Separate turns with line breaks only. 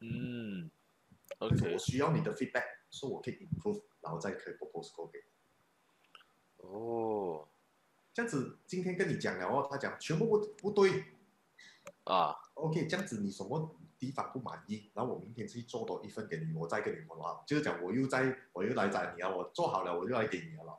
嗯，就是、我需要你的 feedback，、嗯、所以我可以 improve，然後再可以 proposal 俾你。哦，這樣子，今天跟你講了哦，他講全部不不對，啊，OK，這樣子你什麼地方不滿意，然後我明天去做多一份給你，我再跟你講，就是講我又在我又來找你啊，我做好了我又來給你了，了。